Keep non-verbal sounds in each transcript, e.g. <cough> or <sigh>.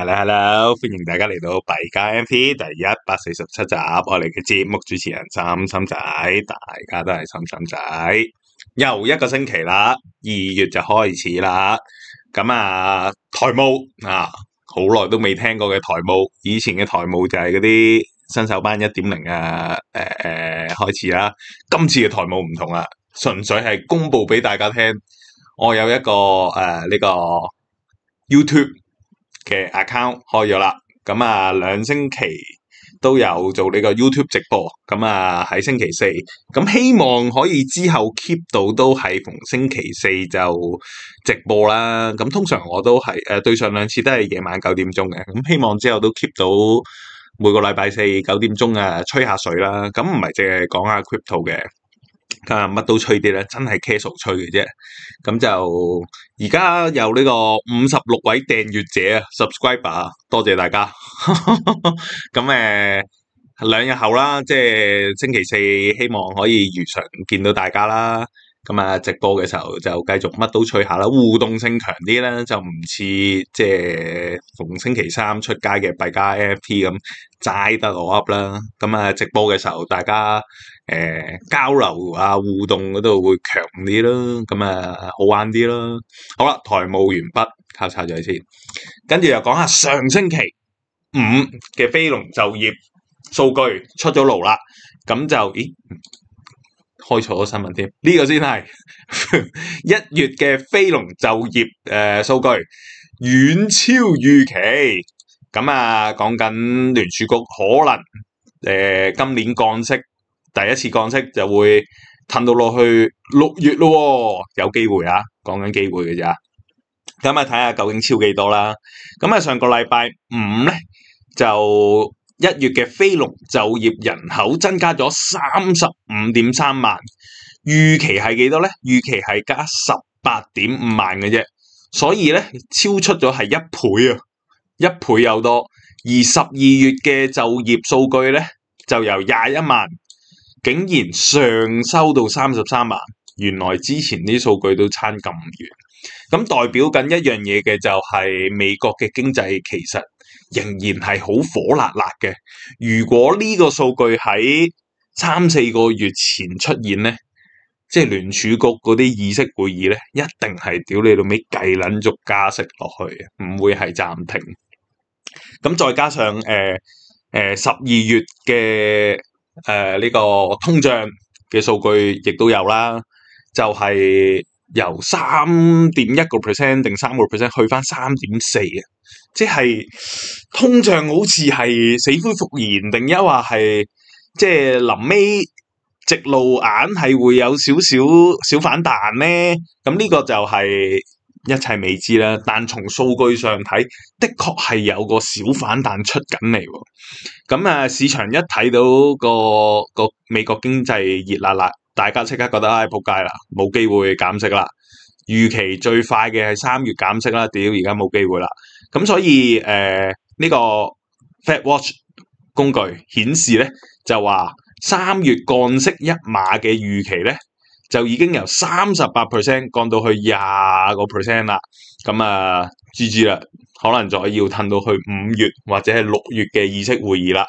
h e l l o h e l l o 歡迎大家嚟到弊加 M t 第一百四十七集，我哋嘅節目主持人三深仔，大家都係三深仔，又一個星期啦，二月就開始啦，咁啊台務啊，好耐都未聽過嘅台務，以前嘅台務就係嗰啲新手班一點零啊，誒、呃、誒開始啦，今次嘅台務唔同啦，純粹係公布俾大家聽，我有一個誒呢、呃這個 YouTube。嘅 account 開咗啦，咁啊兩星期都有做呢個 YouTube 直播，咁啊喺星期四，咁希望可以之後 keep 到都係逢星期四就直播啦。咁通常我都係誒、啊、對上兩次都係夜晚九點鐘嘅，咁希望之後都 keep 到每個禮拜四九點鐘啊吹下水啦。咁唔係淨係講下 Crypto 嘅。今日乜都吹啲咧，真係 casual 吹嘅啫。咁就而家有呢個五十六位訂閱者啊，subscriber，多謝大家。咁 <laughs> 誒，兩日後啦，即係星期四，希望可以如常見到大家啦。咁啊，直播嘅時候就繼續乜都吹下啦，互動性強啲咧，就唔似即係逢星期三出街嘅幣加 NFT 咁齋得我 up 啦。咁、嗯、啊，直播嘅時候大家誒、呃、交流啊互動嗰度會強啲咯，咁、嗯、啊好玩啲咯。好啦，台務完畢，靠擦嘴先，跟住又講下上星期五嘅飛龍就業數據出咗爐啦，咁就咦？開錯咗新聞添，呢、這個先係 <laughs> 一月嘅非農就業誒、呃、數據遠超預期，咁啊講緊聯儲局可能誒、呃、今年降息，第一次降息就會褪到落去六月咯、哦，有機會啊，講緊機會嘅咋，咁啊睇下究竟超幾多啦，咁啊上個禮拜五咧就。一月嘅非農就業人口增加咗三十五點三萬，預期係幾多咧？預期係加十八點五萬嘅啫，所以咧超出咗係一倍啊，一倍又多。而十二月嘅就業數據咧，就由廿一萬竟然上修到三十三萬，原來之前啲數據都差咁遠，咁代表緊一樣嘢嘅就係美國嘅經濟其實。仍然係好火辣辣嘅。如果呢個數據喺三四個月前出現呢，即係聯儲局嗰啲議息會議呢，一定係屌你老味繼撚續加息落去，唔會係暫停。咁再加上誒誒十二月嘅誒呢個通脹嘅數據亦都有啦，就係、是。由三點一個 percent 定三個 percent 去翻三點四啊，即係通脹好似係死灰復燃，定抑或係即係臨尾直路眼係會有少少小反彈咧。咁、嗯、呢、這個就係一切未知啦。但從數據上睇，的確係有個小反彈出緊嚟。咁、嗯、啊，市場一睇到個個美國經濟熱辣辣。大家即刻覺得，唉、哎，仆街啦，冇機會減息啦。預期最快嘅係三月減息啦，屌而家冇機會啦。咁所以誒，呢、呃這個 fat watch 工具顯示咧，就話三月降息一碼嘅預期咧，就已經由三十八 percent 降到去廿個 percent 啦。咁啊，GG 啦，可能就要褪到去五月或者係六月嘅議息會議、呃、啦。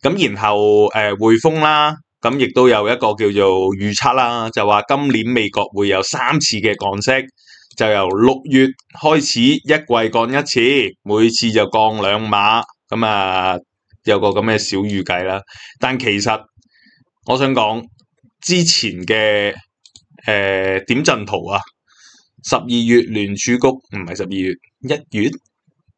咁然後誒，匯豐啦。咁亦都有一個叫做預測啦，就話今年美國會有三次嘅降息，就由六月開始一季降一次，每次就降兩碼，咁啊有個咁嘅小預計啦。但其實我想講之前嘅誒、呃、點陣圖啊，十二月聯儲局唔係十二月一月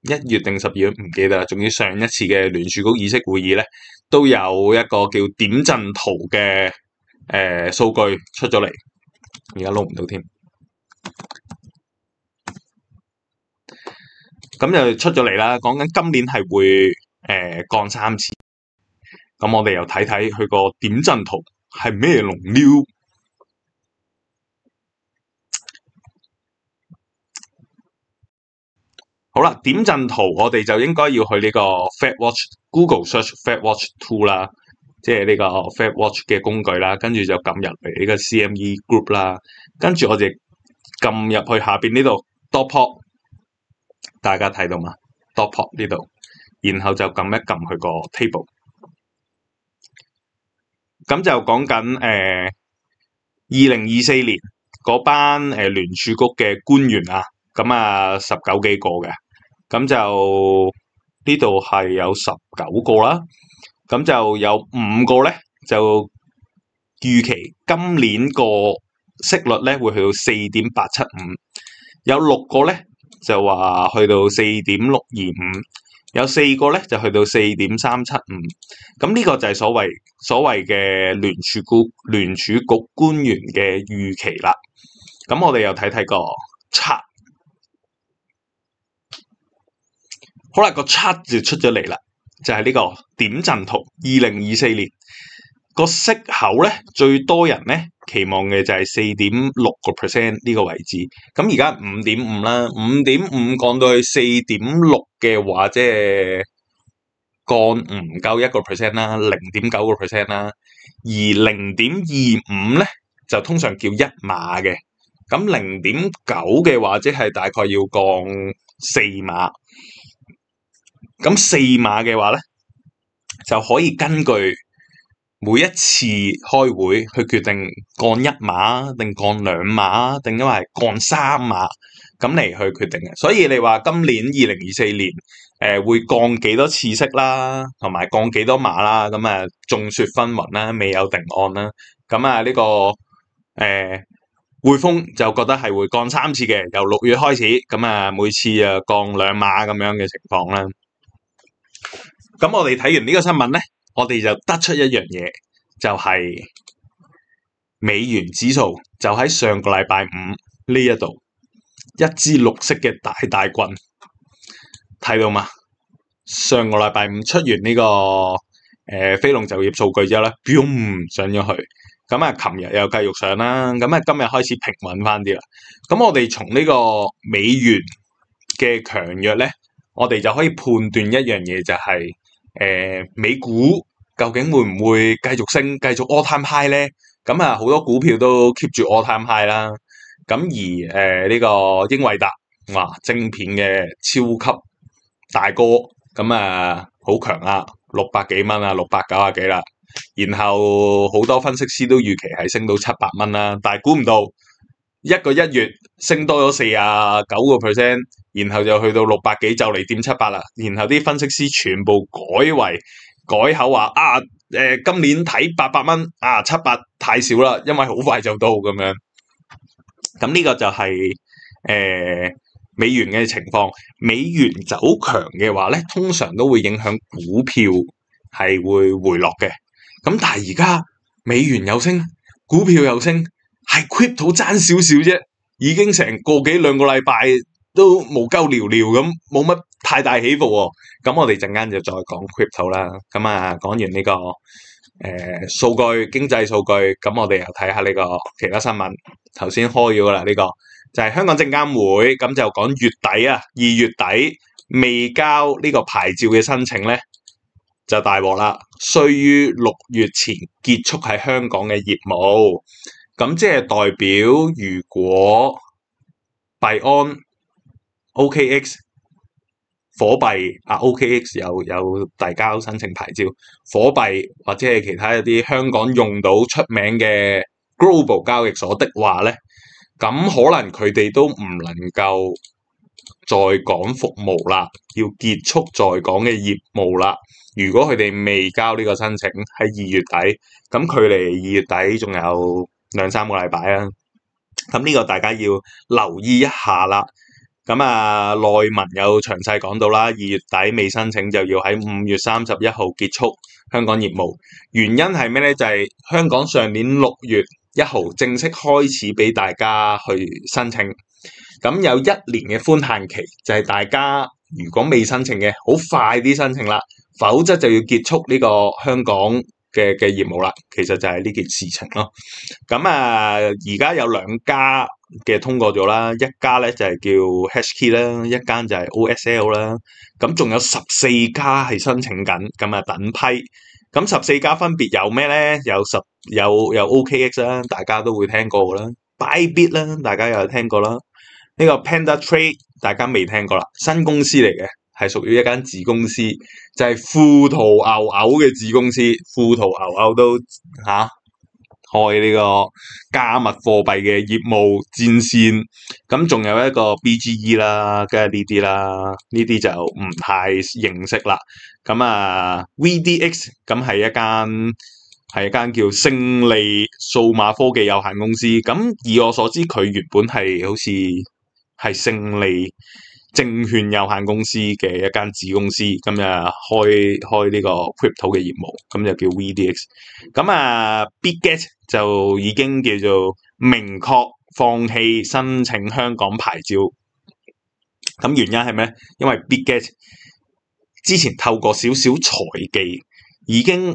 一月定十二月唔記得啦，仲要上一次嘅聯儲局議息會議咧。都有一個叫點陣圖嘅誒數據出咗嚟，而家攞唔到添。咁就出咗嚟啦，講緊今年係會誒、呃、降三次。咁我哋又睇睇佢個點陣圖係咩龍嬲？好啦，點陣圖我哋就應該要去呢個 FedWatch、Google Search FedWatch Tool 啦，即係呢個 FedWatch 嘅工具啦，跟住就撳入嚟呢個 CME Group 啦，跟住我哋撳入去下邊呢度。dot plot 大家睇到嘛？dot plot 呢度，然後就撳一撳佢個 table。咁就講緊誒，二零二四年嗰班誒聯儲局嘅官員啊，咁啊十九幾個嘅。咁就呢度係有十九個啦，咁就有五個咧就預期今年個息率咧會去到四點八七五，有六個咧就話去到四點六二五，有四個咧就去到四點三七五。咁呢個就係所謂所謂嘅聯儲局聯儲局官員嘅預期啦。咁我哋又睇睇個七。好啦，個七就出咗嚟啦，就係呢個點陣圖。二零二四年個息口咧，最多人咧期望嘅就係四點六個 percent 呢個位置。咁而家五點五啦，五點五降到去四點六嘅話，即係降唔夠一個 percent 啦，零點九個 percent 啦。而零點二五咧，就通常叫一碼嘅。咁零點九嘅話，即係大概要降四碼。咁四碼嘅話咧，就可以根據每一次開會去決定降一碼定降兩碼，定因為降三碼咁嚟去決定嘅。所以你話今年二零二四年誒、呃、會降幾多次息啦，同埋降幾多碼啦？咁啊眾說紛紜啦，未有定案啦、啊。咁啊呢、呢個誒匯、呃、豐就覺得係會降三次嘅，由六月開始咁啊，每次啊降兩碼咁樣嘅情況啦。咁我哋睇完呢個新聞咧，我哋就得出一樣嘢，就係、是，美元指數就喺上個禮拜五呢一度一支綠色嘅大大棍，睇到嘛？上個禮拜五出完呢、這個誒非農就業數據之後咧，boom、呃、上咗去，咁啊，琴日又繼續上啦，咁啊，今日開始平穩翻啲啦。咁我哋從呢個美元嘅強弱咧，我哋就可以判斷一樣嘢，就係、是。誒、呃，美股究竟會唔會繼續升，繼續 all time high 咧？咁啊，好多股票都 keep 住 all time high 啦。咁而誒呢、呃呢個英偉達，哇，晶片嘅超級大哥，咁啊好強啊，六百幾蚊啊，六百九啊幾啦。然後好多分析師都預期係升到七百蚊啦，但係估唔到一個一月升多咗四啊九個 percent。然後就去到六百幾就嚟掂七百啦，然後啲分析師全部改為改口話啊，誒，今年睇八百蚊啊，七百太少啦，因為好快就到咁樣。咁呢個就係誒美元嘅情況，美元走強嘅話咧，通常都會影響股票係會回落嘅。咁但係而家美元有升，股票有升，係 crypto 爭少少啫，已經成個幾兩個禮拜。都無鳩聊聊咁，冇乜太大起伏喎、哦。咁我哋陣間就再講 crypto 啦。咁啊，講完呢、呢個誒數、呃、據、經濟數據，咁我哋又睇下呢個其他新聞。頭先開咗啦，呢、呢個就係、係、香港證監會咁就講月底啊，二月底未交呢個牌照嘅申請咧，就大鑊啦，需於六月前結束喺香港嘅業務。咁即係代表，如果幣安。OKX、OK、火幣啊，OKX、OK、有有提交申請牌照，火幣或者係其他一啲香港用到出名嘅 global 交易所的話咧，咁可能佢哋都唔能夠在港服務啦，要結束在港嘅業務啦。如果佢哋未交呢個申請喺二月底，咁距離二月底仲有兩三個禮拜啊，咁呢個大家要留意一下啦。咁啊，內文有詳細講到啦。二月底未申請就要喺五月三十一號結束香港業務，原因係咩呢？就係香港上年六月一號正式開始俾大家去申請，咁有一年嘅寬限期，就係大家如果未申請嘅，好快啲申請啦，否則就要結束呢個香港嘅嘅業務啦，其實就係呢件事情咯。咁 <laughs> 啊，而家有兩家嘅通過咗啦，一家咧就係、是、叫 HashKey 啦，一間就係 OSL 啦。咁仲有十四家係申請緊，咁啊等批。咁、啊、十四家分別有咩咧？有十有有 OKX、OK、啦、啊，大家都會聽過噶啦，Bybit 啦，大家又有聽過啦。呢、這個 Panda Trade 大家未聽過啦，新公司嚟嘅。係屬於一間子公司，就係、是、富途牛牛嘅子公司，富途牛牛都吓、啊、開呢個加密貨幣嘅業務戰線。咁、嗯、仲有一個 BGE 啦，跟住呢啲啦，呢啲就唔太認識啦。咁、嗯、啊，VDX 咁、嗯、係一間係一間叫勝利數碼科技有限公司。咁、嗯、以我所知，佢原本係好似係勝利。證券有限公司嘅一間子公司，咁啊開開呢個 crypto 嘅業務，咁就叫 VDX。咁啊，Bitget 就已經叫做明確放棄申請香港牌照。咁原因係咩？因為 Bitget 之前透過少少財技，已經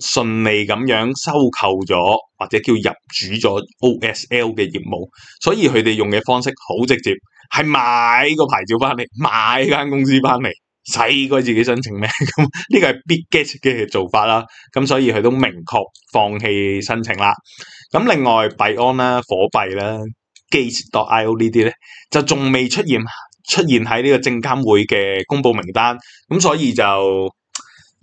順利咁樣收購咗或者叫入主咗 OSL 嘅業務，所以佢哋用嘅方式好直接。係買個牌照翻嚟，買間公司翻嚟，使佢自己申請咩？咁呢個係 big catch 嘅做法啦。咁所以佢都明確放棄申請啦。咁另外幣安啦、火幣啦、gate.io 呢啲咧，就仲未出現出現喺呢個證監會嘅公布名單。咁所以就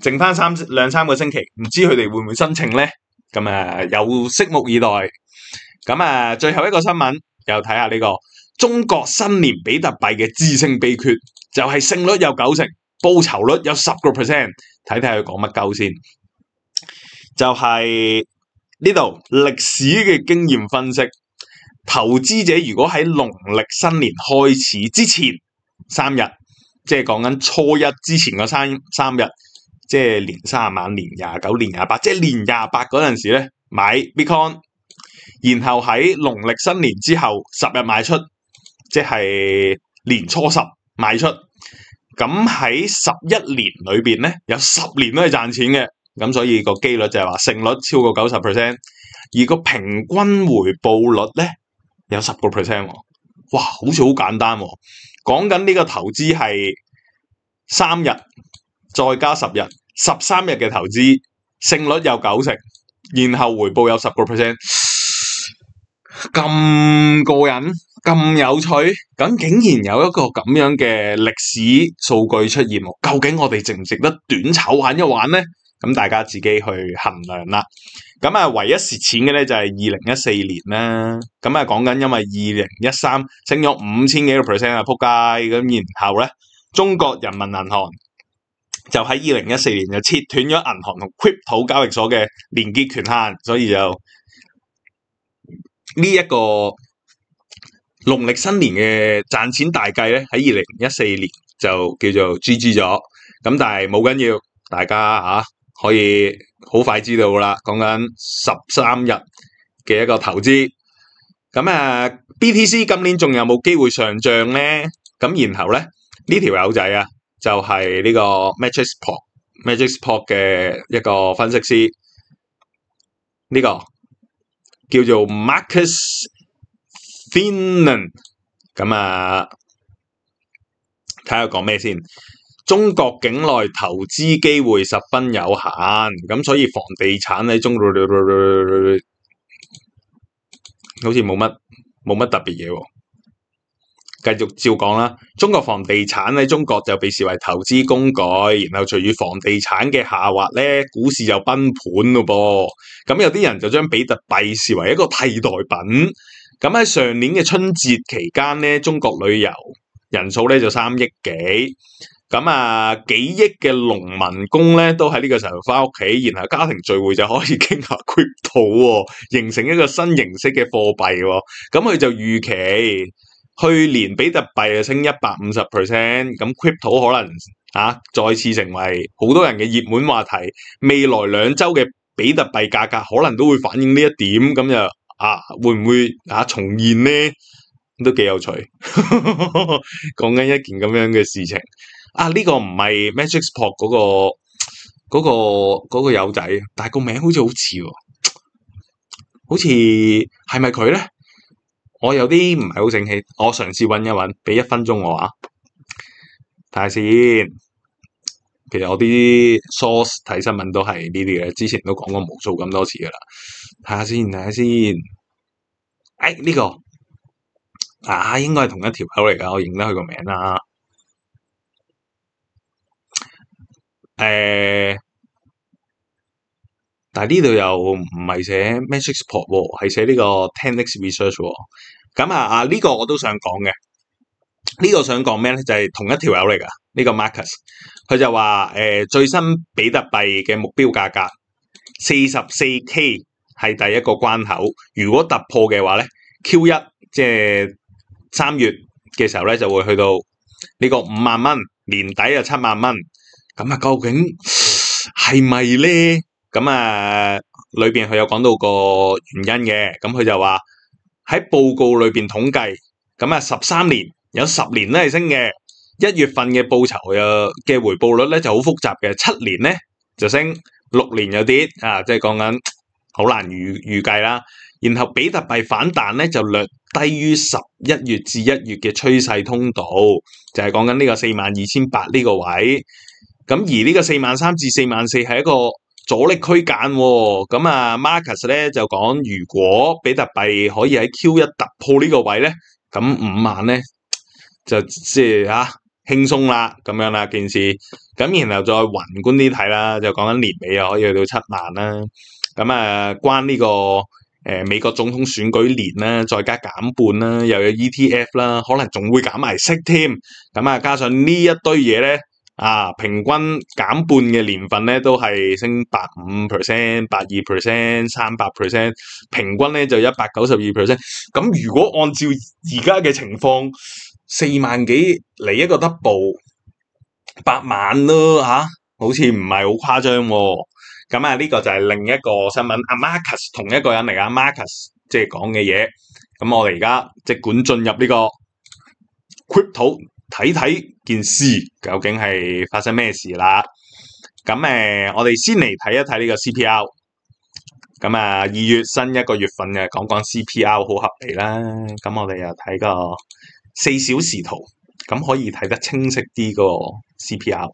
剩翻三兩三個星期，唔知佢哋會唔會申請咧？咁啊，有拭目以待。咁啊，最後一個新聞又睇下呢個。中國新年比特幣嘅致勝秘訣就係、是、勝率有九成，報酬率有十個 percent，睇睇佢講乜鳩先。就係呢度歷史嘅經驗分析，投資者如果喺農曆新年開始之前三日，即係講緊初一之前個三三日，即係年卅晚、年廿九、年廿八，即係年廿八嗰陣時咧買 Bitcoin，然後喺農曆新年之後十日賣出。即係年初十賣出，咁喺十一年裏邊咧，有十年都係賺錢嘅，咁所以個機率就係話勝率超過九十 percent，而個平均回報率咧有十個 percent，哇，好似好簡單哦，講緊呢個投資係三日再加十日，十三日嘅投資勝率有九成，然後回報有十個 percent，咁過癮。咁有趣，咁竟然有一個咁樣嘅歷史數據出現，究竟我哋值唔值得短炒玩一玩呢？咁大家自己去衡量啦。咁啊，唯一蝕錢嘅咧就係二零一四年啦。咁啊，講緊因為二零一三升咗五千幾個 percent 啊，扑街咁，然後咧中國人民銀行就喺二零一四年就切斷咗銀行同 Crypto 交易所嘅連結權限，所以就呢一個。農曆新年嘅賺錢大計咧，喺二零一四年就叫做 GG 咗，咁但係冇緊要，大家嚇、啊、可以好快知道噶啦，講緊十三日嘅一個投資。咁啊，BTC 今年仲有冇機會上漲咧？咁然後咧，呢條友仔啊，就係、是、呢個 MagicPod、MagicPod 嘅一個分析師，呢、這個叫做 Marcus。芬蘭咁啊，睇下講咩先。中國境內投資機會十分有限，咁所以房地產喺中國好似冇乜冇乜特別嘢。繼續照講啦，中國房地產喺中國就被視為投資工具，然後隨住房地產嘅下滑咧，股市就崩盤咯噃。咁有啲人就將比特幣視為一個替代品。咁喺上年嘅春節期間咧，中國旅遊人數咧就三億幾，咁啊幾億嘅農民工咧都喺呢個時候翻屋企，然後家庭聚會就可以傾下 crypto、哦、形成一個新形式嘅貨幣喎。咁佢就預期去年比特幣升一百五十 percent，咁 crypto 可能啊再次成為好多人嘅熱門話題。未來兩週嘅比特幣價格可能都會反映呢一點，咁就。啊，會唔會啊重現呢？都幾有趣，呵呵呵講緊一件咁樣嘅事情。啊，呢、這個唔係 Magic Sport 嗰個嗰、那個那個友仔，但係個名好似好似喎，好似係咪佢咧？我有啲唔係好醒氣，我嘗試揾一揾，俾一分鐘我啊，睇下先。其實我啲 source 睇新聞都係呢啲嘅，之前都講過無數咁多次噶啦。睇下先，睇下先。誒、哎，呢、這個啊，應該係同一條口嚟噶，我認得佢個名啦。誒、啊，但係呢度又唔係寫 Matrixport，係寫呢個 10x Research。咁啊啊，呢、這個我都想講嘅。呢個想講咩咧？就係、是、同一條友嚟噶，呢、這個 Marcus，佢就話誒、呃、最新比特幣嘅目標價格四十四 K 係第一個關口，如果突破嘅話咧，Q1 即係三月嘅時候咧就會去到呢個五萬蚊，年底啊七萬蚊。咁、嗯、啊，究竟係咪咧？咁啊，裏邊佢有講到個原因嘅。咁、嗯、佢就話喺報告裏邊統計，咁啊十三年。有十年都係升嘅，一月份嘅報酬又嘅回報率咧就好複雜嘅，七年咧就升，六年又跌，啊，即係講緊好難預預計啦。然後比特幣反彈咧就略低於十一月至一月嘅趨勢通道，就係講緊呢個四萬二千八呢個位。咁而呢個四萬三至四萬四係一個阻力區間，啊。咁啊，Marcus 咧就講如果比特幣可以喺 Q 一突破呢個位咧，咁五萬咧。就即係啊，輕鬆啦，咁樣啦件事，咁然後再宏觀啲睇啦，就講緊年尾又可以去到七萬啦。咁、嗯、啊，關呢、呢個誒、呃、美國總統選舉年咧，再加減半啦，又有 ETF 啦，可能仲會減埋息添。咁、嗯、啊，加上呢一堆嘢咧，啊平均減半嘅年份咧，都係升八五 percent、八二 percent、三百 percent，平均咧就一百九十二 percent。咁如果按照而家嘅情況，四萬幾嚟一個 double，八萬咯吓，好似唔係好誇張喎。咁啊，呢、這個就係另一個新聞。啊、Marcus 同一個人嚟啊，Marcus 即係講嘅嘢。咁我哋而家即管進入呢、這個 crypto 睇睇件事，究竟係發生咩事啦？咁誒、啊，我哋先嚟睇一睇呢個 CPR。咁啊，二月新一個月份嘅講講 CPR 好合理啦。咁我哋又睇個。四小時圖，咁可以睇得清晰啲個 CPR，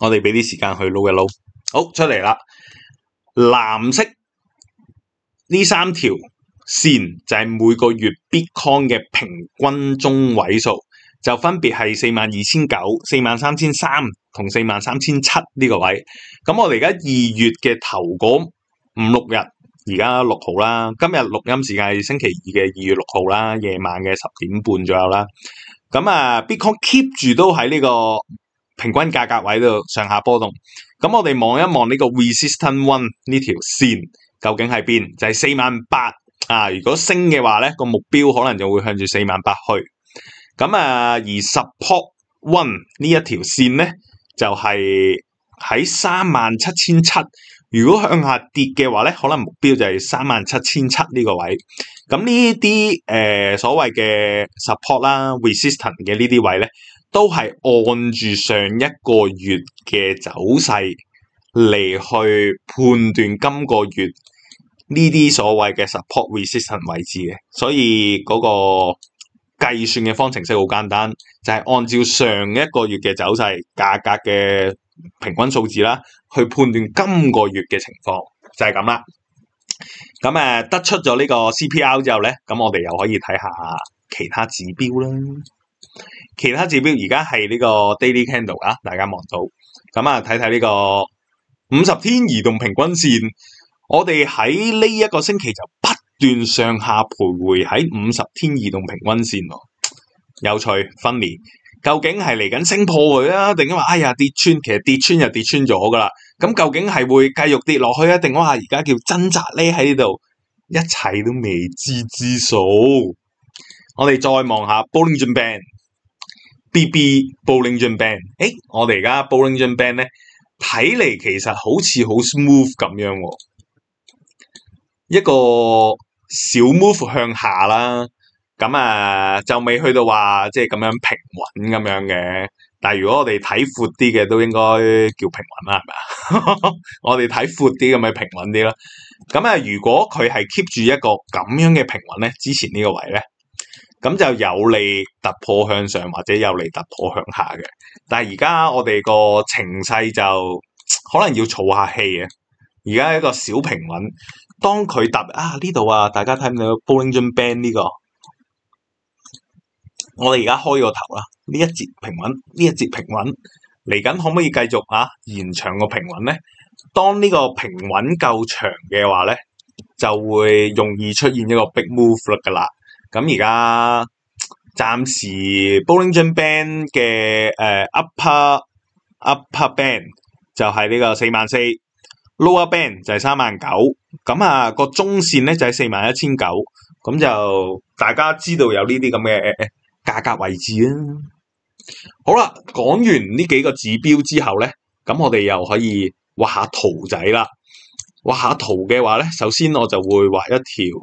我哋俾啲時間去 load 一 load 好出嚟啦。藍色呢三條線就係每個月 Bitcoin 嘅平均中位數，就分別係四萬二千九、四萬三千三同四萬三千七呢個位。咁我哋而家二月嘅頭嗰五六日。而家六號啦，今日錄音時間係星期二嘅二月六號啦，夜晚嘅十點半左右啦。咁啊，Bitcoin keep 住都喺呢個平均價格位度上下波動。咁我哋望一望呢個 Resistance One 呢條線究竟喺邊？就係四萬八啊！如果升嘅話咧，個目標可能就會向住四萬八去。咁啊，而 Support One 呢一條線咧，就係喺三萬七千七。如果向下跌嘅話咧，可能目標就係三萬七千七呢個位。咁呢啲誒所謂嘅 support 啦，resistance 嘅呢啲位咧，都係按住上一個月嘅走勢嚟去判斷今個月呢啲所謂嘅 support resistance 位置嘅。所以嗰個計算嘅方程式好簡單，就係按照上一個月嘅走勢價格嘅。平均數字啦，去判斷今個月嘅情況就係、是、咁啦。咁、嗯、誒，得出咗呢個 CPI 之後咧，咁、嗯、我哋又可以睇下其他指標啦。其他指標而家係呢個 Daily Candle 啊，大家望到。咁、嗯、啊，睇睇呢個五十天移動平均線，我哋喺呢一個星期就不斷上下徘徊喺五十天移動平均線喎。有趣，分裂。究竟係嚟緊升破佢啊？定咁話哎呀跌穿，其實跌穿又跌穿咗噶啦。咁究竟係會繼續跌落去啊？定話而家叫掙扎呢？喺呢度，一切都未知之數。我哋再望下 Bollinger Band BB Bollinger Band 誒，我哋而家 Bollinger Band 咧，睇嚟其實好似好 smooth 咁樣，一個小 move 向下啦。咁啊，就未去到話即係咁樣平穩咁樣嘅。但係如果我哋睇闊啲嘅，都應該叫平穩啦，係咪啊？ <laughs> 我哋睇闊啲咁咪平穩啲咯。咁啊，如果佢係 keep 住一個咁樣嘅平穩咧，之前呢個位咧，咁就有利突破向上或者有利突破向下嘅。但係而家我哋個情勢就可能要儲下氣啊。而家一個小平穩，當佢突啊呢度啊，大家睇唔睇到 Bollinger Band 呢個？我哋而家開個頭啦，呢一節平穩，呢一節平穩，嚟緊可唔可以繼續啊？延長個平穩咧？當呢個平穩夠長嘅話咧，就會容易出現一個 big move 啦㗎啦。咁而家暫時 Bollinger Band 嘅誒、呃、upper upper band 就係呢個四萬四，lower band 就係三萬九。咁啊個中線咧就係四萬一千九。咁就大家知道有呢啲咁嘅。呃價格位置啊，好啦，講完呢幾個指標之後咧，咁我哋又可以畫下圖仔啦。畫下圖嘅話咧，首先我就會畫一條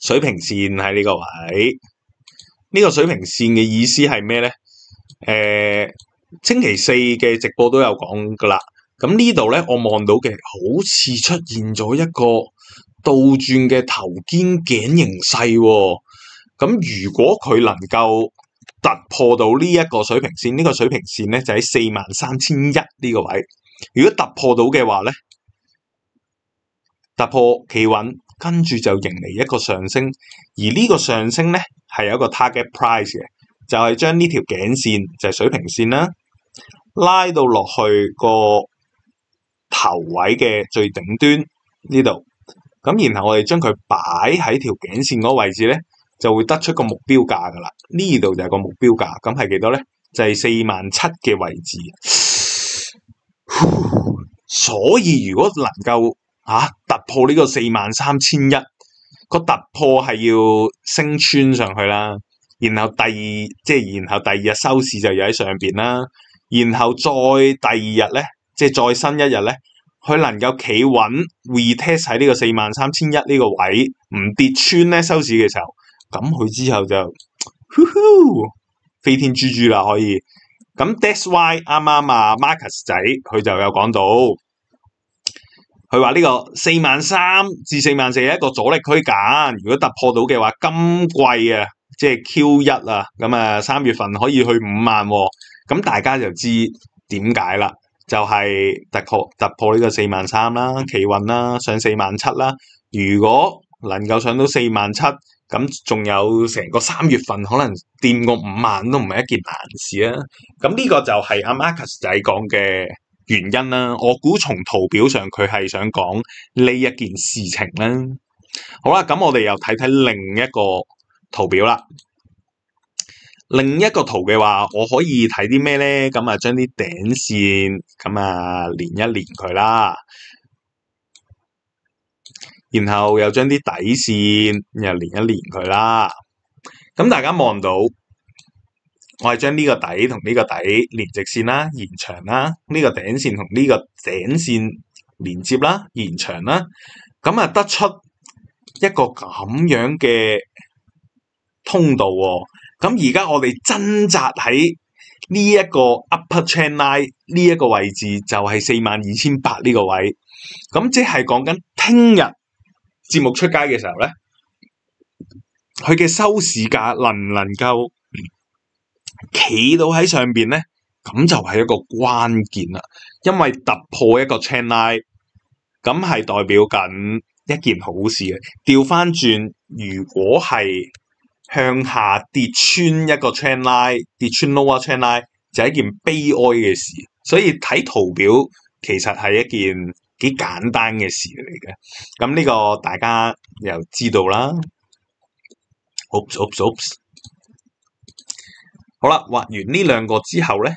水平線喺呢個位。呢個水平線嘅意思係咩咧？誒、呃，星期四嘅直播都有講噶啦。咁呢度咧，我望到嘅好似出現咗一個倒轉嘅頭肩頸形勢啊。咁如果佢能夠突破到呢一個水平線，呢、這個水平線咧就喺四萬三千一呢個位。如果突破到嘅話咧，突破企穩跟住就迎嚟一個上升。而呢個上升咧係有一個 target price 嘅，就係將呢條頸線就係、是、水平線啦，拉到落去個頭位嘅最頂端呢度。咁然後我哋將佢擺喺條頸線個位置咧，就會得出個目標價噶啦，呢度就係個目標價，咁係幾多咧？就係四萬七嘅位置。 <laughs> 所以如果能夠啊突破呢個四萬三千一，個突破係要升穿上去啦。然後第二，即係然後第二日收市就要喺上邊啦。然後再第二日咧，即係再新一日咧，佢能夠企穩 retest 喺呢個四萬三千一呢個位，唔跌穿咧收市嘅時候。咁佢之後就呼呼飛天豬豬啦，可以咁。That's why 啱啱啊 Marcus 仔佢就有講到，佢話呢個四萬三至四萬四係一個阻力區間，如果突破到嘅話，今季啊，即係 Q 一啊，咁啊三月份可以去五萬，啊，咁大家就知點解啦，就係、是、突破突破呢個四萬三啦，奇運啦，上四萬七啦，如果能夠上到四萬七。咁仲有成個三月份，可能掂個五萬都唔係一件難事啊！咁呢個就係阿 Marcus 仔講嘅原因啦。我估從圖表上佢係想講呢一件事情啦。好啦，咁我哋又睇睇另一個圖表啦。另一個圖嘅話，我可以睇啲咩咧？咁啊，將啲頂線咁啊連一連佢啦。然後又將啲底線又連一連佢啦，咁大家望到，我係將呢個底同呢個底連直線啦，延長啦，呢個頂線同呢個頂線連接啦，延長啦，咁啊得出一個咁樣嘅通道喎。咁而家我哋掙扎喺呢一個 upper trend line 呢一個位置，就係四萬二千八呢個位，咁即係講緊聽日。節目出街嘅時候咧，佢嘅收市價能唔能夠企到喺上邊咧？咁就係一個關鍵啦。因為突破一個 channel line，咁係代表緊一件好事嘅。調翻轉，如果係向下跌穿一個 channel line，跌穿 lower channel line，就係一件悲哀嘅事。所以睇圖表其實係一件幾簡單嘅事嚟嘅，咁呢個大家又知道啦。好，好，好，好啦，畫完呢兩個之後咧，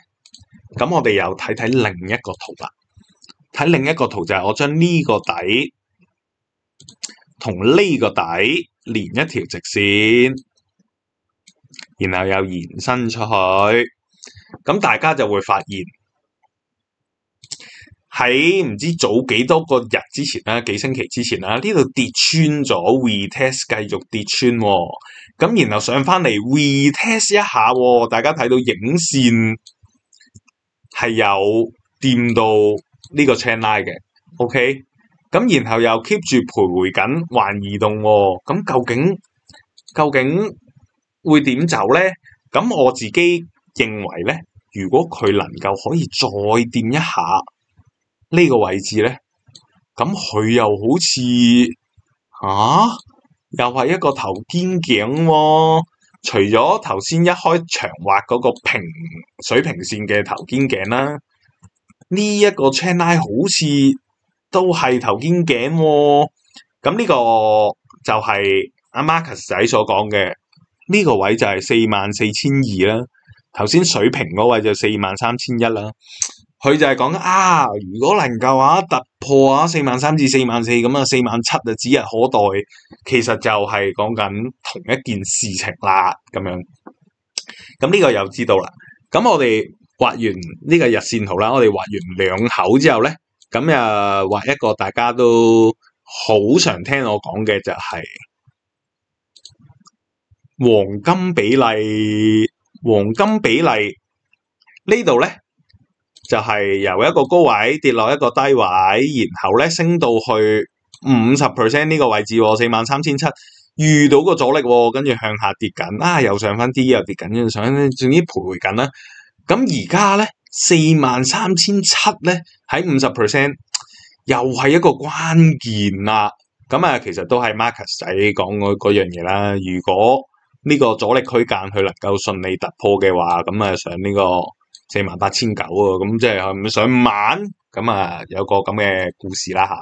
咁我哋又睇睇另一個圖啦。睇另一個圖就係我將呢個底同呢個底連一條直線，然後又延伸出去，咁大家就會發現。喺唔知早幾多個日之前啦，幾星期之前啦，呢度跌穿咗 retest 繼續跌穿咁、哦，然後上翻嚟 retest 一下、哦，大家睇到影線係有掂到呢個 channel 嘅。OK，咁然後又 keep 住徘徊緊，還移動咁、哦，究竟究竟會點走咧？咁我自己認為咧，如果佢能夠可以再掂一下。呢個位置咧，咁佢又好似吓、啊，又係一個頭肩頸喎、哦。除咗頭先一開場畫嗰個平水平線嘅頭肩頸啦、啊，呢、這、一個 channel 好似都係頭肩頸喎、哦。咁、嗯、呢、這個就係阿 Marcus 仔所講嘅呢個位就係四萬四千二啦。頭先水平嗰位就四萬三千一啦。佢就係講啊，如果能夠話、啊、突破啊四萬三至四萬四咁啊，四萬七就指日可待。其實就係講緊同一件事情啦，咁樣。咁呢個又知道啦。咁我哋畫完呢個日線圖啦，我哋畫完兩口之後咧，咁又畫一個大家都好常聽我講嘅就係黃金比例，黃金比例呢度咧。就係由一個高位跌落一個低位，然後咧升到去五十 percent 呢個位置，四萬三千七遇到個阻力，跟住向下跌緊，啊又上翻啲，又跌緊，終於徘徊緊啦。咁而家咧四萬三千七咧喺五十 percent，又係一個關鍵啦。咁啊，其實都係 Marcus 仔講嗰嗰樣嘢啦。如果呢個阻力區間佢能夠順利突破嘅話，咁啊上呢、這個。四萬八千九喎，咁即係上萬，咁啊有個咁嘅故事啦嚇。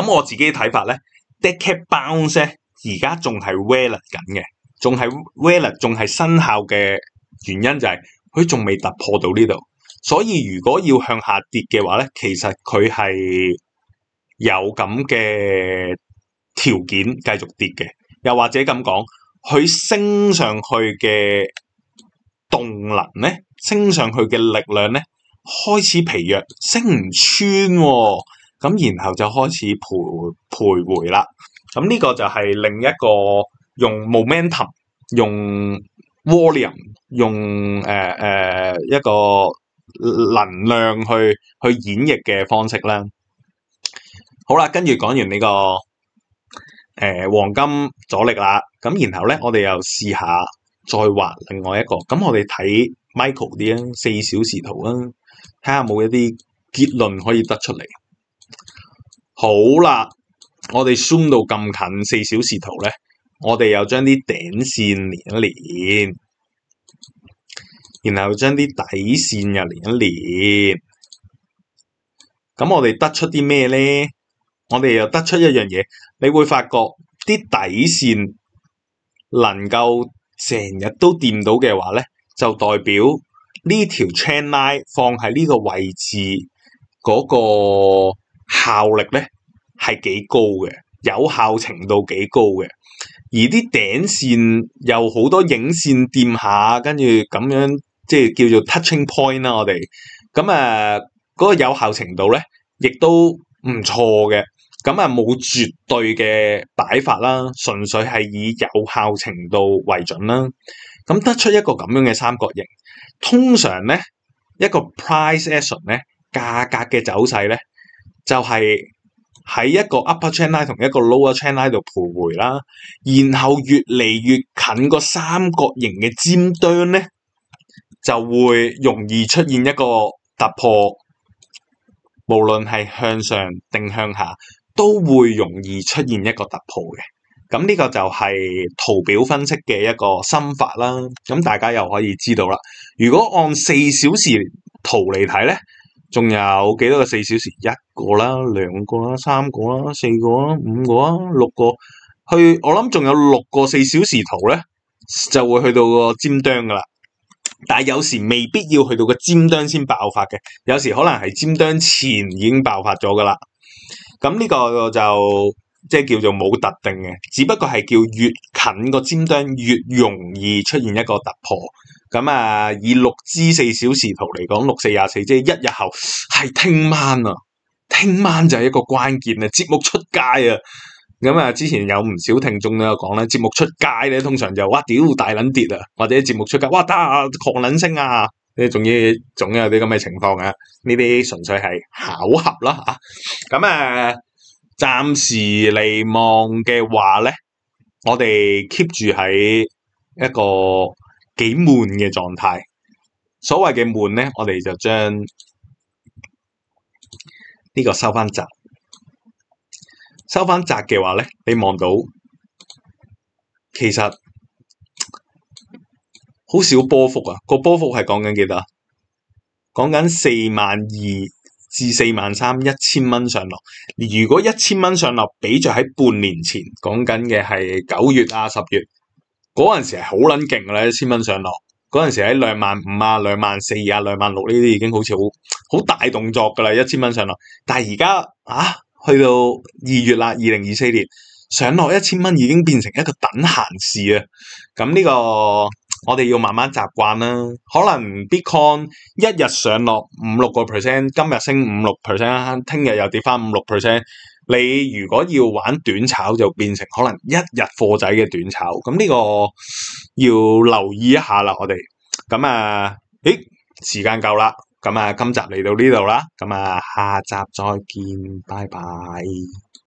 咁我自己睇法咧，Dead cat bounce 咧而家仲係 valid 緊嘅，仲係 valid，仲係生效嘅原因就係佢仲未突破到呢度，所以如果要向下跌嘅話咧，其實佢係有咁嘅條件繼續跌嘅，又或者咁講，佢升上去嘅。動能咧升上去嘅力量咧開始疲弱，升唔穿喎、哦，咁然後就開始徘徘徊啦。咁、嗯、呢、呢個就係另一個用 momentum、用、呃、volume、用誒誒一個能量去去演繹嘅方式啦。好啦，跟住講完呢、呢個誒、呃、黃金阻力啦，咁然後咧我哋又試下。再畫另外一個，咁我哋睇 Michael 啲啊四小時圖啊，睇下有冇一啲結論可以得出嚟。好啦，我哋 zoom 到咁近四小時圖咧，我哋又將啲頂線連一連，然後將啲底線又連一連。咁我哋得出啲咩咧？我哋又得出一樣嘢，你會發覺啲底線能夠。成日都掂到嘅話咧，就代表呢條 trend line 放喺呢個位置，嗰個效力咧係幾高嘅，有效程度幾高嘅。而啲頂線又好多影線掂下，跟住咁樣即係叫做 touching point 啦、啊，我哋咁啊個有效程度咧亦都唔錯嘅。咁啊，冇絕對嘅擺法啦，純粹係以有效程度為準啦。咁得出一個咁樣嘅三角形，通常咧一個 price action 咧，價格嘅走勢咧，就係喺一個 upper trend line 同一個 lower trend line 度徘徊啦。然後越嚟越近個三角形嘅尖端咧，就會容易出現一個突破，無論係向上定向下。都會容易出現一個突破嘅，咁呢個就係圖表分析嘅一個心法啦。咁大家又可以知道啦。如果按四小時圖嚟睇咧，仲有幾多個四小時一個啦、兩個啦、三個啦、四個啦、五個啦、六個去。我諗仲有六個四小時圖咧，就會去到個尖端噶啦。但係有時未必要去到個尖端先爆發嘅，有時可能係尖端前已經爆發咗噶啦。咁呢個就即係叫做冇特定嘅，只不過係叫越近個尖端越容易出現一個突破。咁啊，以六支四小時圖嚟講，六四廿四即係一日後係聽晚啊，聽晚就係一個關鍵啊，節目出街啊。咁啊，之前有唔少聽眾都有講咧，節目出街咧，通常就哇屌大撚跌啊，或者節目出街哇嗒狂撚升啊。呢仲要總有啲咁嘅情況啊！呢啲純粹係巧合啦嚇。咁啊，暫時嚟望嘅話咧，我哋 keep 住喺一個幾悶嘅狀態。所謂嘅悶咧，我哋就將呢個收翻窄。收翻窄嘅話咧，你望到其實。好少波幅啊！個波幅係講緊幾多啊？講緊四萬二至四萬三，一千蚊上落。如果一千蚊上落，比着喺半年前講緊嘅係九月啊、十月嗰陣時係好捻勁噶啦，一千蚊上落。嗰陣時喺兩萬五啊、兩萬四啊、兩萬六呢啲已經好似好好大動作噶啦，一千蚊上落。但係而家啊，去到二月啦，二零二四年上落一千蚊已經變成一個等閒事啊！咁呢個。我哋要慢慢習慣啦，可能 Bitcoin 一日上落五六個 percent，今日升五六 percent，聽日又跌翻五六 percent。你如果要玩短炒，就變成可能一日貨仔嘅短炒，咁呢個要留意一下啦，我哋。咁啊，咦，時間夠啦，咁啊，今集嚟到呢度啦，咁啊，下集再見，拜拜。